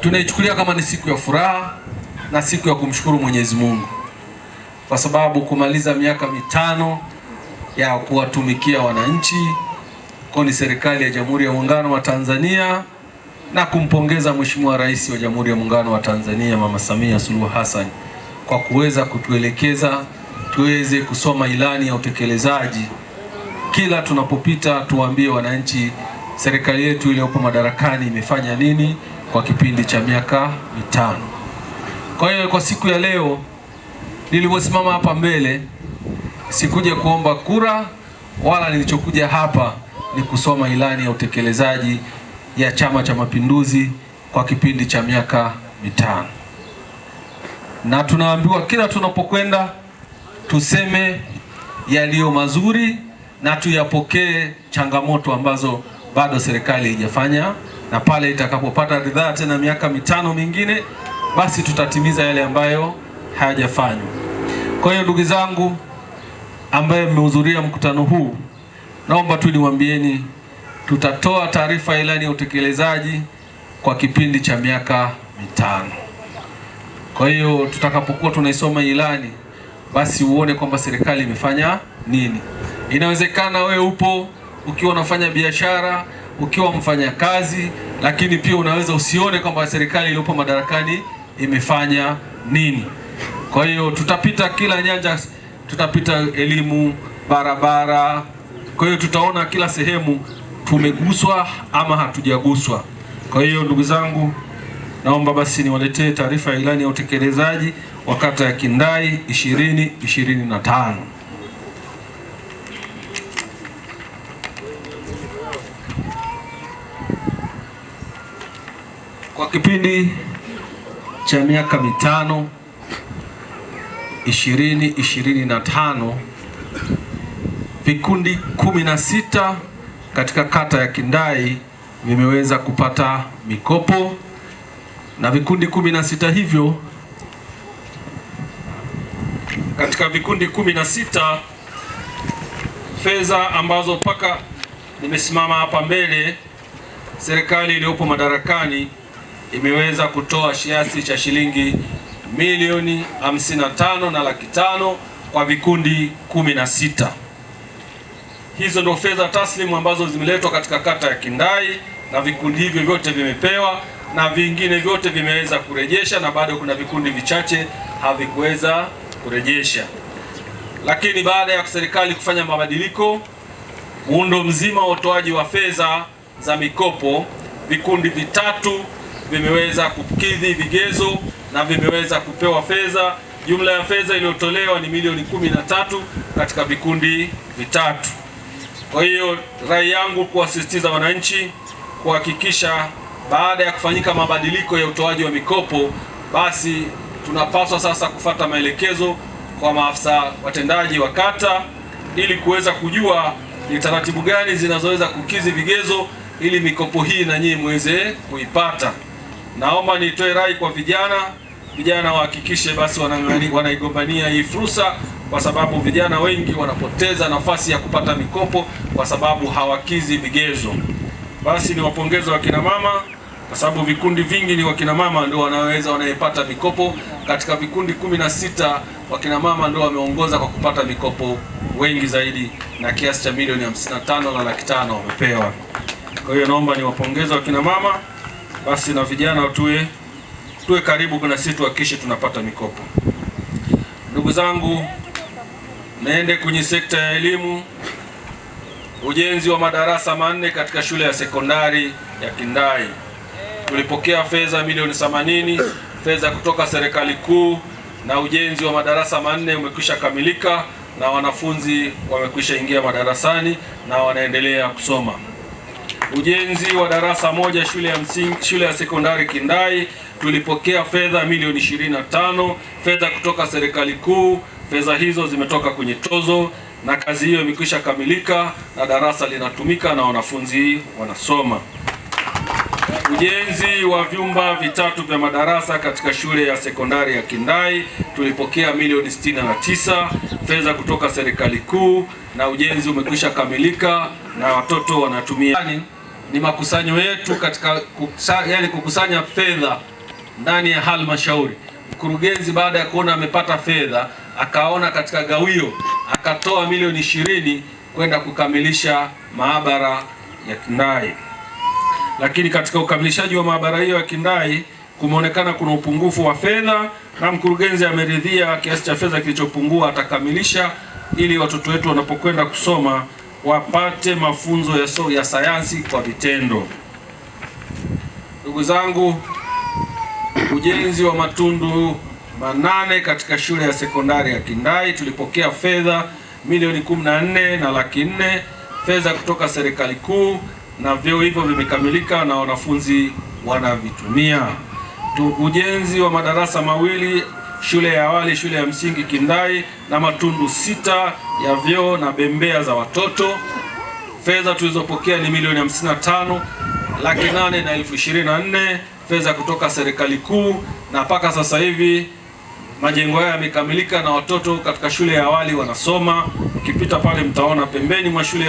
tunaichukulia kama ni siku ya furaha na siku ya kumshukuru Mwenyezi Mungu kwa sababu kumaliza miaka mitano ya kuwatumikia wananchi kwa ni serikali ya Jamhuri ya Muungano wa Tanzania na kumpongeza Mheshimiwa Rais wa Jamhuri ya Muungano wa Tanzania Mama Samia Suluhu Hassan kwa kuweza kutuelekeza tuweze kusoma ilani ya utekelezaji. Kila tunapopita tuwaambie wananchi serikali yetu iliyopo madarakani imefanya nini kwa kipindi cha miaka mitano. Kwa hiyo kwa siku ya leo nilivyosimama hapa mbele sikuja kuomba kura, wala nilichokuja hapa ni kusoma ilani ya utekelezaji ya Chama cha Mapinduzi kwa kipindi cha miaka mitano, na tunaambiwa kila tunapokwenda tuseme yaliyo mazuri na tuyapokee changamoto ambazo bado serikali haijafanya na pale itakapopata ridhaa tena miaka mitano mingine, basi tutatimiza yale ambayo hayajafanywa. Kwa hiyo ndugu zangu, ambaye mmehudhuria mkutano huu, naomba tu niwaambieni, tutatoa taarifa ya ilani ya utekelezaji kwa kipindi cha miaka mitano. Kwa hiyo tutakapokuwa tunaisoma ilani, basi uone kwamba serikali imefanya nini. Inawezekana wewe upo ukiwa unafanya biashara ukiwa mfanya kazi lakini pia unaweza usione kwamba serikali iliyopo madarakani imefanya nini. Kwa hiyo tutapita kila nyanja, tutapita elimu, barabara. Kwa hiyo tutaona kila sehemu tumeguswa ama hatujaguswa. Kwa hiyo ndugu zangu, naomba basi niwaletee taarifa ya ilani ya utekelezaji wa kata ya Kindai 2025. kwa kipindi cha miaka mitano 2025 vikundi 16 katika kata ya Kindai vimeweza kupata mikopo na vikundi 16 hivyo, katika vikundi 16 fedha ambazo mpaka nimesimama hapa mbele, serikali iliyopo madarakani imeweza kutoa kiasi cha shilingi milioni 55 na laki tano kwa vikundi 16. Hizo ndio fedha taslimu ambazo zimeletwa katika kata ya Kindai na vikundi hivyo vyote vimepewa na vingine vyote vimeweza kurejesha, na bado kuna vikundi vichache havikuweza kurejesha. Lakini baada ya serikali kufanya mabadiliko muundo mzima wa utoaji wa fedha za mikopo, vikundi vitatu vimeweza kukidhi vigezo na vimeweza kupewa fedha. Jumla ya fedha iliyotolewa ni milioni kumi na tatu katika vikundi vitatu. Kwa hiyo rai yangu kuwasisitiza wananchi kuhakikisha baada ya kufanyika mabadiliko ya utoaji wa mikopo, basi tunapaswa sasa kufata maelekezo kwa maafisa watendaji wa kata ili kuweza kujua ni taratibu gani zinazoweza kukidhi vigezo ili mikopo hii na nyinyi muweze kuipata naomba nitoe rai kwa vijana, vijana wahakikishe basi wanaigombania hii fursa, kwa sababu vijana wengi wanapoteza nafasi ya kupata mikopo kwa sababu hawakizi vigezo. Basi ni wapongeze wakina mama kwa sababu vikundi vingi ni wakina mama ndio wanaweza wanayepata mikopo. Katika vikundi kumi na sita wakina mama ndio wameongoza kwa kupata mikopo wengi zaidi na kiasi cha milioni 55 na laki tano wamepewa. Kwa hiyo naomba niwapongeze wakina mama basi na vijana tuwe tuwe karibu na sisi, tuhakikishe tunapata mikopo. Ndugu zangu, naende kwenye sekta ya elimu, ujenzi wa madarasa manne katika shule ya sekondari ya Kindai. Tulipokea fedha milioni 80 fedha kutoka serikali kuu, na ujenzi wa madarasa manne umekwisha kamilika na wanafunzi wamekwisha ingia madarasani na wanaendelea kusoma ujenzi wa darasa moja shule ya msingi, shule ya sekondari Kindai tulipokea fedha milioni 25 fedha kutoka serikali kuu. Fedha hizo zimetoka kwenye tozo na kazi hiyo imekwisha kamilika na darasa linatumika na wanafunzi wanasoma. Ujenzi wa vyumba vitatu vya madarasa katika shule ya sekondari ya Kindai tulipokea milioni 69 fedha kutoka serikali kuu na ujenzi umekwisha kamilika na watoto wanatumia ni makusanyo yetu katika kusa, yani kukusanya fedha ndani ya halmashauri. Mkurugenzi baada ya kuona amepata fedha akaona katika gawio akatoa milioni ishirini kwenda kukamilisha maabara ya Kindai, lakini katika ukamilishaji wa maabara hiyo ya Kindai kumeonekana kuna upungufu wa fedha, na mkurugenzi ameridhia kiasi cha fedha kilichopungua atakamilisha ili watoto wetu wanapokwenda kusoma wapate mafunzo ya, so, ya sayansi kwa vitendo. Ndugu zangu, ujenzi wa matundu manane katika shule ya sekondari ya Kindai tulipokea fedha milioni 14 na laki nne fedha kutoka serikali kuu, na vyoo hivyo vimekamilika na wanafunzi wanavitumia. Ujenzi wa madarasa mawili shule ya awali, shule ya msingi Kindai na matundu sita ya vyoo na bembea za watoto. Fedha tulizopokea ni milioni 55 laki nane na elfu ishirini na nne fedha kutoka serikali kuu, na mpaka sasa hivi majengo haya yamekamilika na watoto katika shule ya awali wanasoma. Ukipita pale mtaona pembeni mwa shule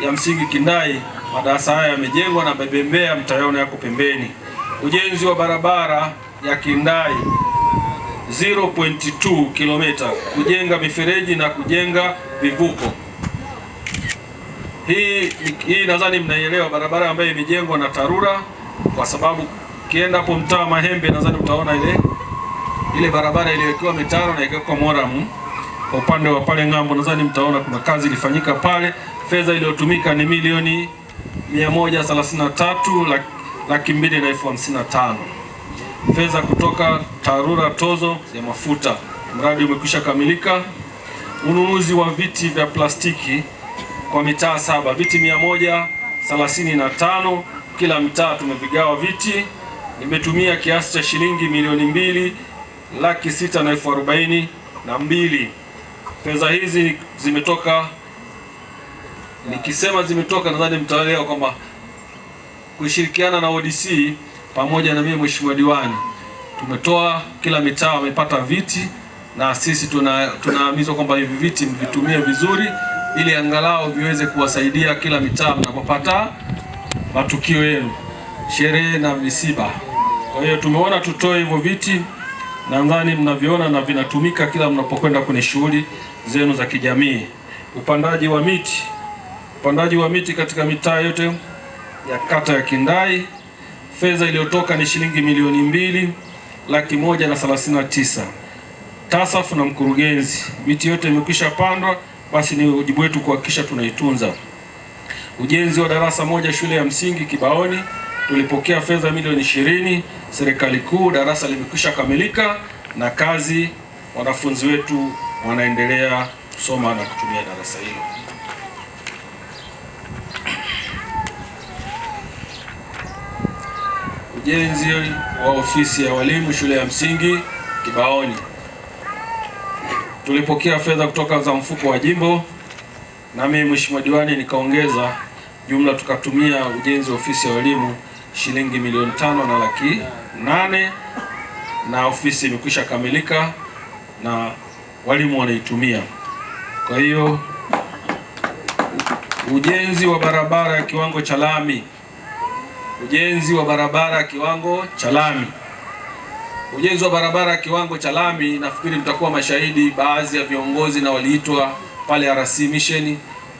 ya, msingi Kindai madarasa haya yamejengwa na bembea mtaona yako pembeni. Ujenzi wa barabara ya Kindai 0.2 kilomita kujenga mifereji na kujenga vivuko. Hii, hii nadhani mnaielewa, barabara ambayo imejengwa na TARURA kwa sababu ukienda hapo mtaa Mahembe nadhani utaona ile ile barabara iliyowekewa mitaro na ikawekwa moram kwa upande wa pale ng'ambo, nadhani mtaona kuna kazi ilifanyika pale. Fedha iliyotumika ni milioni 133 laki mbili na elfu hamsini na tano fedha kutoka TARURA tozo ya mafuta. Mradi umekwisha kamilika. Ununuzi wa viti vya plastiki kwa mitaa saba, viti tano kila mtaa, tumevigawa viti. Nimetumia kiasi cha shilingi milioni mbili laki sita na elfu arobaini na mbili. Fedha hizi zimetoka, nikisema zimetoka, nadhani mtaelewa kwamba kushirikiana na ODC pamoja na mimi mheshimiwa diwani tumetoa kila mitaa wamepata viti, na sisi tunaamizwa tuna kwamba hivi viti mvitumie vizuri, ili angalau viweze kuwasaidia kila mitaa mnapopata matukio yenu, sherehe na misiba. Kwa hiyo tumeona tutoe hivyo viti, nadhani mnaviona na vinatumika kila mnapokwenda kwenye shughuli zenu za kijamii. Upandaji wa miti, upandaji wa miti katika mitaa yote ya kata ya Kindai, fedha iliyotoka ni shilingi milioni mbili laki moja na thelathini na tisa. TASAF na mkurugenzi, miti yote imekwisha pandwa, basi ni wajibu wetu kuhakikisha tunaitunza. Ujenzi wa darasa moja shule ya msingi Kibaoni tulipokea fedha milioni ishirini serikali kuu, darasa limekwisha kamilika na kazi, wanafunzi wetu wanaendelea kusoma na kutumia darasa hilo. ujenzi wa ofisi ya walimu shule ya msingi Kibaoni. Tulipokea fedha kutoka za mfuko wa jimbo, na mimi mheshimiwa diwani nikaongeza jumla, tukatumia ujenzi wa ofisi ya walimu shilingi milioni tano na laki nane na ofisi imekwisha kamilika na walimu wanaitumia. Kwa hiyo ujenzi wa barabara ya kiwango cha lami ujenzi wa barabara kiwango cha lami. Ujenzi wa barabara kiwango cha lami, nafikiri mtakuwa mashahidi, baadhi ya viongozi na waliitwa pale RC Mission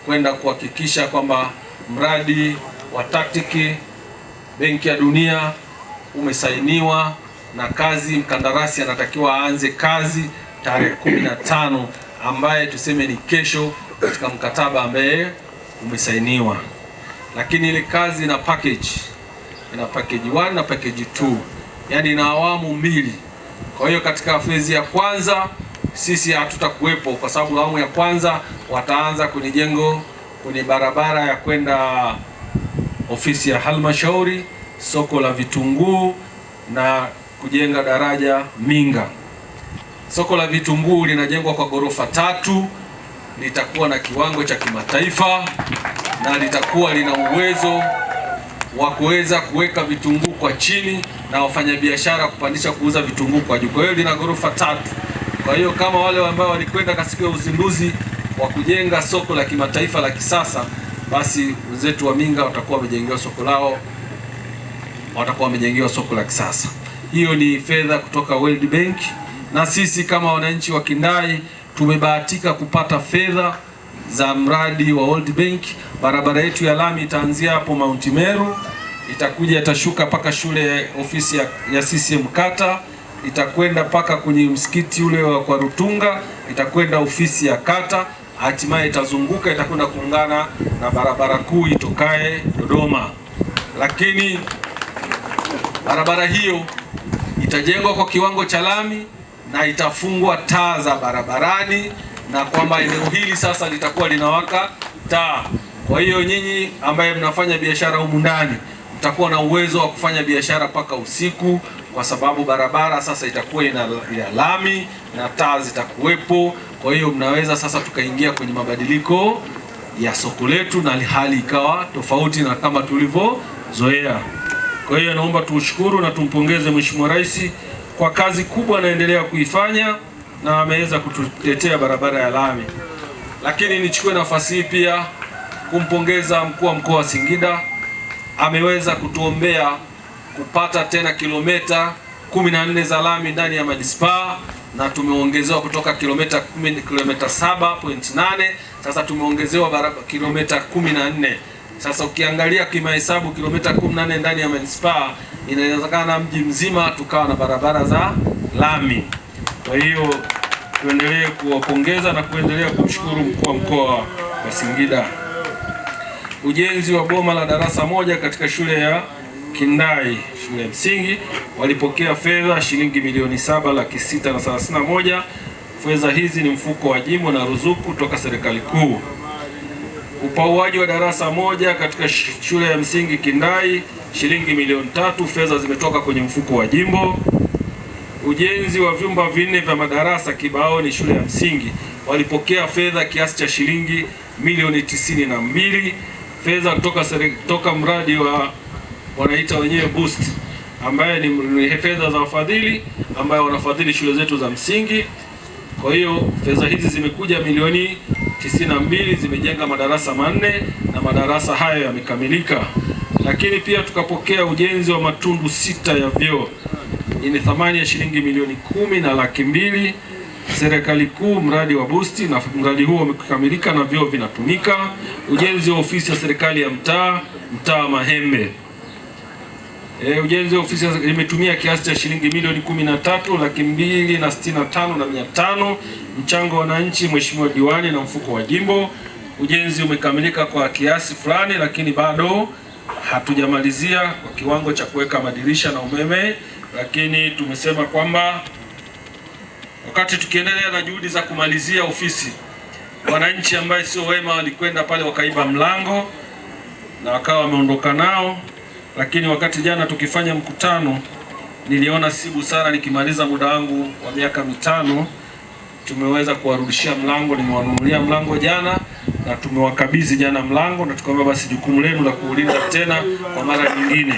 kwenda kuhakikisha kwamba mradi wa taktiki Benki ya Dunia umesainiwa na kazi, mkandarasi anatakiwa aanze kazi tarehe tano ambaye tuseme ni kesho, katika mkataba ambaye umesainiwa, lakini ile kazi na package ina package 1 na package 2, yaani ina awamu mbili. Kwa hiyo katika fezi ya kwanza sisi hatutakuwepo kwa sababu awamu ya kwanza wataanza kwenye jengo kwenye barabara ya kwenda ofisi ya halmashauri, soko la vitunguu na kujenga daraja Minga. Soko la vitunguu linajengwa kwa ghorofa tatu, litakuwa na kiwango cha kimataifa na litakuwa lina uwezo wa kuweza kuweka vitunguu kwa chini na wafanyabiashara kupandisha kuuza vitunguu kwa juu. Kwa hiyo lina ghorofa tatu. Kwa hiyo kama wale ambao walikwenda kasikia uzinduzi wa kujenga soko la kimataifa la kisasa, basi wenzetu wa Minga watakuwa wamejengewa soko lao, watakuwa wamejengewa soko la kisasa. Hiyo ni fedha kutoka World Bank, na sisi kama wananchi wa Kindai tumebahatika kupata fedha za mradi wa World Bank. Barabara yetu ya lami itaanzia hapo Mount Meru, itakuja itashuka mpaka shule ofisi ya, ya CCM kata, itakwenda mpaka kwenye msikiti ule wa kwa Rutunga, itakwenda ofisi ya kata, hatimaye itazunguka itakwenda kuungana na barabara kuu itokaye Dodoma. Lakini barabara hiyo itajengwa kwa kiwango cha lami na itafungwa taa za barabarani na kwamba eneo hili sasa litakuwa linawaka taa. Kwa hiyo nyinyi ambaye mnafanya biashara humu ndani mtakuwa na uwezo wa kufanya biashara mpaka usiku, kwa sababu barabara sasa itakuwa ina lami na taa zitakuwepo. Kwa hiyo mnaweza sasa tukaingia kwenye mabadiliko ya soko letu na hali ikawa tofauti na kama tulivyozoea. Kwa hiyo naomba tuushukuru na tumpongeze Mheshimiwa Rais kwa kazi kubwa anaendelea kuifanya na ameweza kututetea barabara ya lami. Lakini nichukue nafasi hii pia kumpongeza mkuu wa mkoa wa Singida, ameweza kutuombea kupata tena kilomita 14 za lami ndani ya manispaa na tumeongezewa kutoka kilomita kilomita 7.8 sasa tumeongezewa kilomita 14. Sasa ukiangalia kimahesabu kilomita 14 ndani ya manispaa inawezekana mji mzima tukawa na barabara za lami. Kwa hiyo tuendelee kuwapongeza na kuendelea kumshukuru mkuu wa mkoa wa Singida. Ujenzi wa boma la darasa moja katika shule ya Kindai shule ya msingi walipokea fedha shilingi milioni saba laki sita na thelathini na moja. Fedha hizi ni mfuko wa jimbo na ruzuku toka serikali kuu. Upauaji wa darasa moja katika shule ya msingi Kindai shilingi milioni tatu, fedha zimetoka kwenye mfuko wa jimbo ujenzi wa vyumba vinne vya madarasa Kibaoni shule ya msingi walipokea fedha kiasi cha shilingi milioni tisini na mbili fedha kutoka toka mradi wa wanaita wenyewe boost ambaye ni, ni fedha za wafadhili ambayo wanafadhili shule zetu za msingi. Kwa hiyo fedha hizi zimekuja milioni tisini na mbili zimejenga madarasa manne na madarasa hayo yamekamilika, lakini pia tukapokea ujenzi wa matundu sita ya vyoo yenye thamani ya shilingi milioni kumi na laki mbili serikali kuu, mradi wa busti, na mradi huo umekamilika na vyoo vinatumika. Ujenzi wa ofisi ya serikali ya mtaa mtaa Mahembe. E, ujenzi wa ofisi imetumia kiasi cha shilingi milioni kumi na tatu laki mbili na sitini na tano na mia tano mchango wa wananchi, mheshimiwa diwani na mfuko wa jimbo. Ujenzi umekamilika kwa kiasi fulani, lakini bado hatujamalizia kwa kiwango cha kuweka madirisha na umeme lakini tumesema kwamba wakati tukiendelea na juhudi za kumalizia ofisi, wananchi ambaye sio wema walikwenda pale wakaiba mlango na wakawa wameondoka nao. Lakini wakati jana tukifanya mkutano, niliona si busara nikimaliza muda wangu wa miaka mitano, tumeweza kuwarudishia mlango. Nimewanunulia mlango jana na tumewakabidhi jana mlango, na tukaomba basi jukumu lenu la kuulinda tena kwa mara nyingine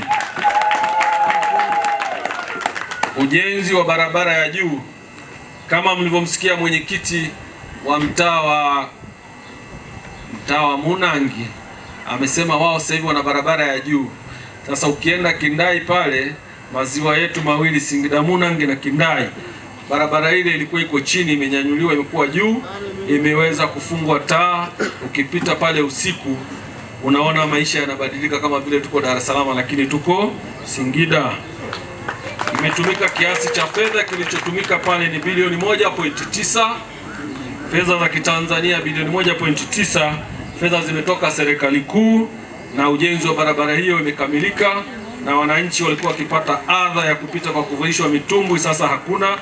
ujenzi wa barabara ya juu kama mlivyomsikia mwenyekiti wa mtaa wa mtaa wa Munangi amesema wao sasa hivi wana barabara ya juu. Sasa ukienda Kindai pale maziwa yetu mawili Singida Munangi na Kindai, barabara ile ilikuwa iko chini, imenyanyuliwa imekuwa juu, imeweza kufungwa taa. Ukipita pale usiku unaona maisha yanabadilika, kama vile tuko Dar es Salaam, lakini tuko Singida imetumika kiasi cha fedha kilichotumika pale ni bilioni 1.9 fedha za Kitanzania bilioni 1.9 fedha zimetoka serikali kuu, na ujenzi wa barabara hiyo imekamilika, na wananchi walikuwa wakipata adha ya kupita kwa kuvulishwa mitumbwi, sasa hakuna.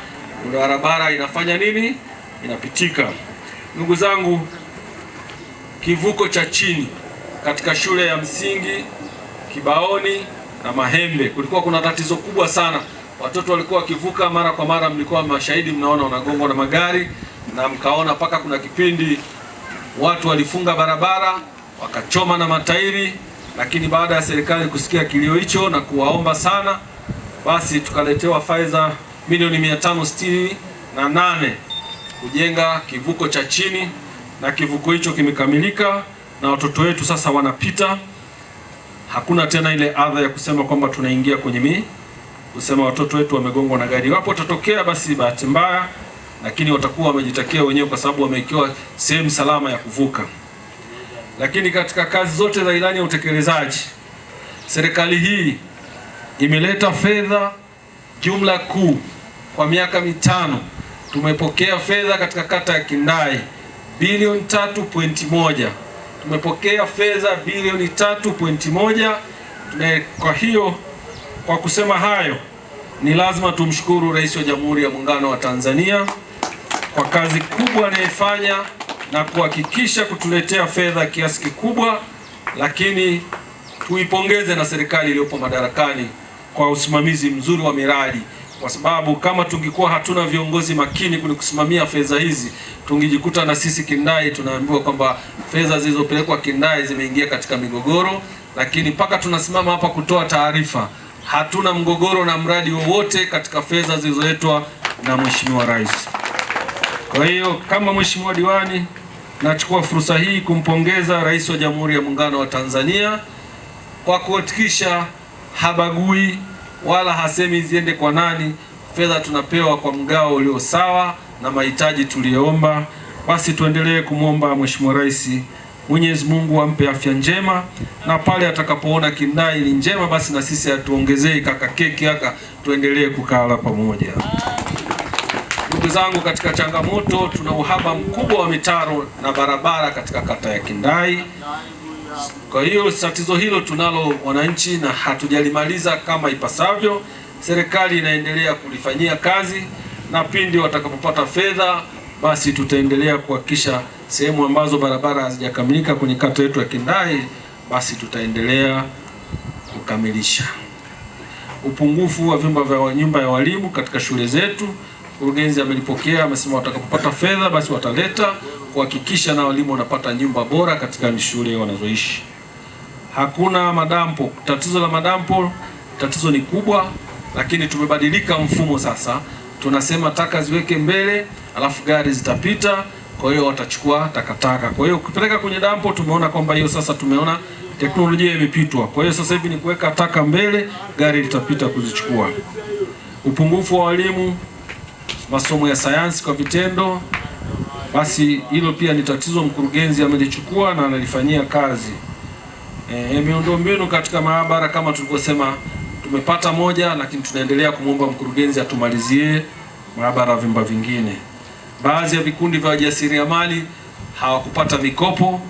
Barabara inafanya nini? Inapitika. Ndugu zangu, kivuko cha chini katika shule ya msingi Kibaoni na Mahembe kulikuwa kuna tatizo kubwa sana watoto walikuwa wakivuka mara kwa mara, mlikuwa mashahidi, mnaona wanagongwa na magari na mkaona mpaka kuna kipindi watu walifunga barabara wakachoma na matairi, lakini baada ya serikali kusikia kilio hicho na kuwaomba sana, basi tukaletewa fedha milioni mia tano sitini na nane kujenga kivuko cha chini, na kivuko hicho kimekamilika na watoto wetu sasa wanapita. Hakuna tena ile adha ya kusema kwamba tunaingia kwenye mii kusema watoto wetu wamegongwa na gari. wapo watatokea basi bahati mbaya, lakini watakuwa wamejitakia wenyewe, kwa sababu wamewekewa sehemu salama ya kuvuka. Lakini katika kazi zote za ilani ya utekelezaji, serikali hii imeleta fedha jumla kuu kwa miaka mitano tumepokea fedha katika kata ya Kindai bilioni 3.1, tumepokea fedha bilioni 3.1. Kwa hiyo kwa kusema hayo, ni lazima tumshukuru Rais wa Jamhuri ya Muungano wa Tanzania kwa kazi kubwa anayefanya na kuhakikisha kutuletea fedha kiasi kikubwa, lakini tuipongeze na serikali iliyopo madarakani kwa usimamizi mzuri wa miradi, kwa sababu kama tungekuwa hatuna viongozi makini kwenye kusimamia fedha hizi, tungejikuta na sisi kindai tunaambiwa kwamba fedha zilizopelekwa kindai zimeingia katika migogoro, lakini mpaka tunasimama hapa kutoa taarifa hatuna mgogoro na mradi wowote katika fedha zilizoletwa na Mheshimiwa Rais. Kwa hiyo kama Mheshimiwa Diwani, nachukua fursa hii kumpongeza Rais wa Jamhuri ya Muungano wa Tanzania kwa kuhakikisha habagui wala hasemi ziende kwa nani. Fedha tunapewa kwa mgao ulio sawa na mahitaji tuliyoomba. Basi tuendelee kumwomba Mheshimiwa Rais Mwenyezi Mungu ampe afya njema, na pale atakapoona kindai ni njema, basi na sisi atuongezee kaka keki haka, tuendelee kukala pamoja. Ndugu zangu, katika changamoto, tuna uhaba mkubwa wa mitaro na barabara katika kata ya Kindai. Kwa hiyo tatizo hilo tunalo wananchi na hatujalimaliza kama ipasavyo. Serikali inaendelea kulifanyia kazi, na pindi watakapopata fedha, basi tutaendelea kuhakikisha sehemu ambazo barabara hazijakamilika kwenye kata yetu ya Kindai, basi tutaendelea kukamilisha. Upungufu wa vyumba vya nyumba ya walimu katika shule zetu, mkurugenzi amelipokea, amesema watakapopata fedha basi wataleta kuhakikisha na walimu wanapata nyumba bora katika shule wanazoishi. Hakuna madampo, tatizo la madampo, tatizo ni kubwa, lakini tumebadilika mfumo sasa. Tunasema taka ziweke mbele, alafu gari zitapita kwa hiyo watachukua takataka. Kwa hiyo kupeleka kwenye dampo, tumeona kwamba hiyo sasa, tumeona teknolojia imepitwa. Kwa hiyo sasa hivi ni kuweka taka mbele, gari litapita kuzichukua. Upungufu wa walimu masomo ya sayansi kwa vitendo, basi hilo pia ni tatizo. Mkurugenzi amelichukua na analifanyia kazi. E, miundombinu katika maabara kama tulivyosema, tumepata moja, lakini tunaendelea kumwomba mkurugenzi atumalizie maabara vyumba vingine baadhi ya vikundi vya wajasiriamali hawakupata mikopo.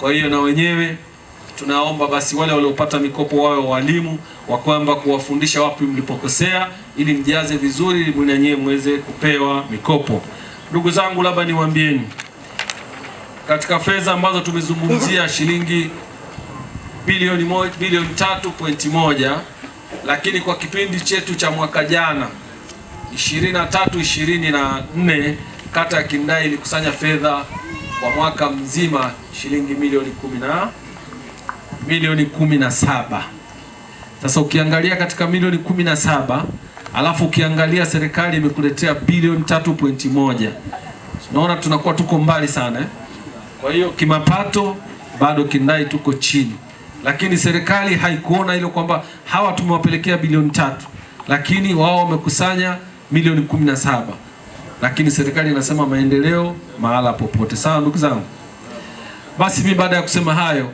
Kwa hiyo na wenyewe tunaomba basi wale waliopata mikopo wawe walimu wa kwamba kuwafundisha wapi mlipokosea, ili mjaze vizuri, ili nanyewe mweze kupewa mikopo. Ndugu zangu, labda niwaambieni katika fedha ambazo tumezungumzia shilingi bilioni moja, bilioni tatu pointi moja, lakini kwa kipindi chetu cha mwaka jana 23 24 kata ya Kindai ilikusanya fedha kwa mwaka mzima shilingi milioni kumi na milioni kumi na saba. Sasa ukiangalia katika milioni kumi na saba alafu ukiangalia serikali imekuletea bilioni tatu pointi moja tunaona tunakuwa tuko mbali sana eh? Kwa hiyo kimapato bado Kindai tuko chini, lakini serikali haikuona hilo kwamba hawa tumewapelekea bilioni tatu, lakini wao wamekusanya milioni kumi na saba lakini serikali inasema maendeleo mahala popote. Sawa ndugu zangu, basi mi baada ya kusema hayo